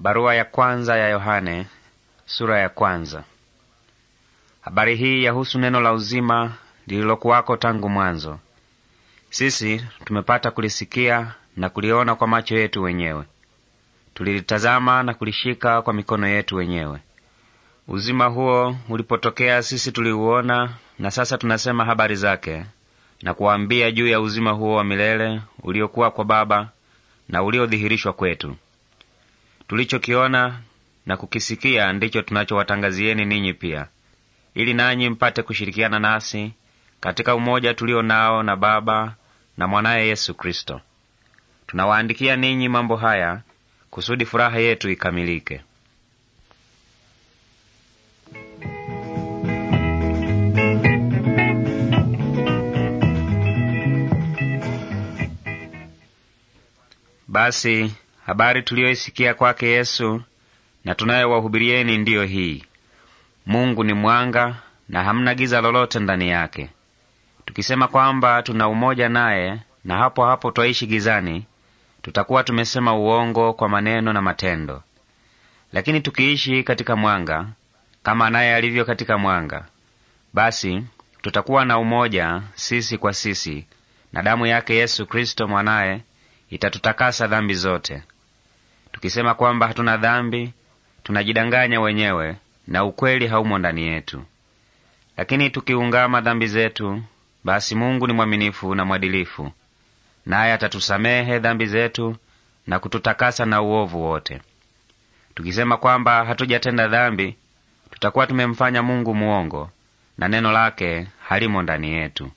Barua ya kwanza ya Yohane, sura ya kwanza. Habari hii yahusu neno la uzima lililokuwako tangu mwanzo. Sisi tumepata kulisikia na kuliona kwa macho yetu wenyewe, tulilitazama na kulishika kwa mikono yetu wenyewe. Uzima huo ulipotokea, sisi tuliuona, na sasa tunasema habari zake na kuwaambia juu ya uzima huo wa milele uliokuwa kwa Baba na uliodhihirishwa kwetu. Tulichokiona na kukisikia ndicho tunachowatangazieni ninyi pia, ili nanyi mpate kushirikiana nasi katika umoja tulio nao na Baba na mwanaye Yesu Kristo. Tunawaandikia ninyi mambo haya kusudi furaha yetu ikamilike. Basi Habari tuliyoisikia kwake Yesu na tunayowahubirieni ndiyo hii: Mungu ni mwanga na hamna giza lolote ndani yake. Tukisema kwamba tuna umoja naye na hapo hapo twaishi gizani, tutakuwa tumesema uongo kwa maneno na matendo. Lakini tukiishi katika mwanga kama naye alivyo katika mwanga, basi tutakuwa na umoja sisi kwa sisi, na damu yake Yesu Kristo mwanaye itatutakasa dhambi zote. Tukisema kwamba hatuna dhambi, tunajidanganya wenyewe na ukweli haumo ndani yetu. Lakini tukiungama dhambi zetu, basi Mungu ni mwaminifu na mwadilifu, naye atatusamehe dhambi zetu na kututakasa na uovu wote. Tukisema kwamba hatujatenda dhambi, tutakuwa tumemfanya Mungu mwongo na neno lake halimo ndani yetu.